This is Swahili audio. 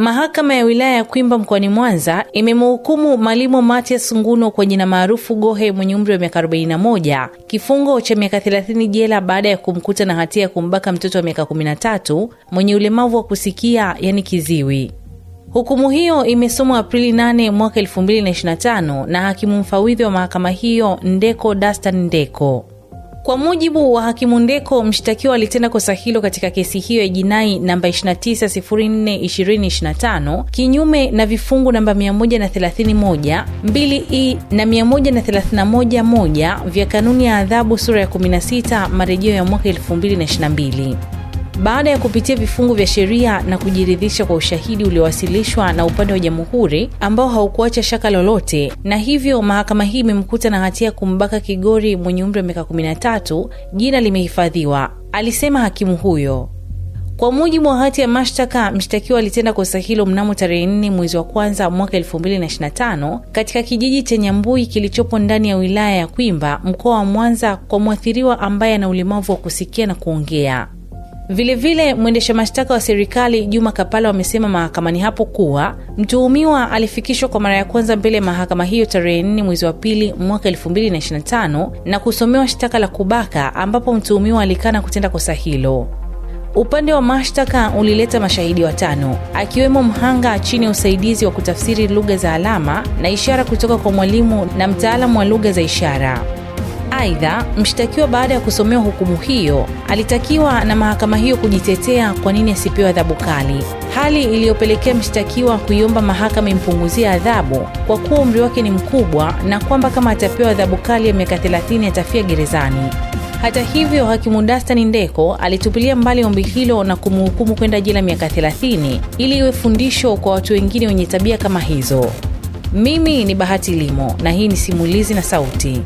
Mahakama ya wilaya ya Kwimba mkoani Mwanza imemhukumu Malimo Matias Nguno kwa jina maarufu Gohe mwenye umri wa miaka 41 kifungo cha miaka 30 jela baada ya kumkuta na hatia ya kumbaka mtoto wa miaka 13 mwenye ulemavu wa kusikia yani kiziwi. Hukumu hiyo imesomwa Aprili 8 mwaka 2025 na hakimu mfawidhi wa mahakama hiyo Ndeko Dastan Ndeko. Kwa mujibu wa hakimu Ndeko, mshtakiwa alitenda kosa hilo katika kesi hiyo ya jinai namba 29042025 kinyume na vifungu namba 131 2E na 131 e moja vya kanuni ya adhabu sura ya 16 marejeo ya mwaka 2022. Baada ya kupitia vifungu vya sheria na kujiridhisha kwa ushahidi uliowasilishwa na upande wa jamhuri ambao haukuacha shaka lolote, na hivyo mahakama hii imemkuta na hatia ya kumbaka Kigori mwenye umri wa miaka 13, jina limehifadhiwa, alisema hakimu huyo. Kwa mujibu wa hati ya mashtaka, mshtakiwa alitenda kosa hilo mnamo tarehe 4 mwezi wa kwanza mwaka 2025 katika kijiji cha Nyambui kilichopo ndani ya wilaya ya Kwimba, mkoa wa Mwanza, kwa mwathiriwa ambaye ana ulemavu wa kusikia na kuongea. Vilevile, mwendesha mashtaka wa serikali Juma Kapala wamesema mahakamani hapo kuwa mtuhumiwa alifikishwa kwa mara ya kwanza mbele ya mahakama hiyo tarehe 4 mwezi wa pili mwaka 2025 na kusomewa shtaka la kubaka, ambapo mtuhumiwa alikana kutenda kosa hilo. Upande wa mashtaka ulileta mashahidi watano akiwemo mhanga chini ya usaidizi wa kutafsiri lugha za alama na ishara kutoka kwa mwalimu na mtaalamu wa lugha za ishara. Aidha, mshtakiwa baada ya kusomewa hukumu hiyo alitakiwa na mahakama hiyo kujitetea kwa nini asipewe adhabu kali, hali iliyopelekea mshtakiwa kuiomba mahakama impunguzie adhabu kwa kuwa umri wake ni mkubwa na kwamba kama atapewa adhabu kali ya miaka 30 atafia gerezani. Hata hivyo hakimu Dastani Ndeko alitupilia mbali ombi hilo na kumhukumu kwenda jela miaka 30 ili iwe fundisho kwa watu wengine wenye tabia kama hizo. Mimi ni Bahati Limo na hii ni Simulizi na Sauti.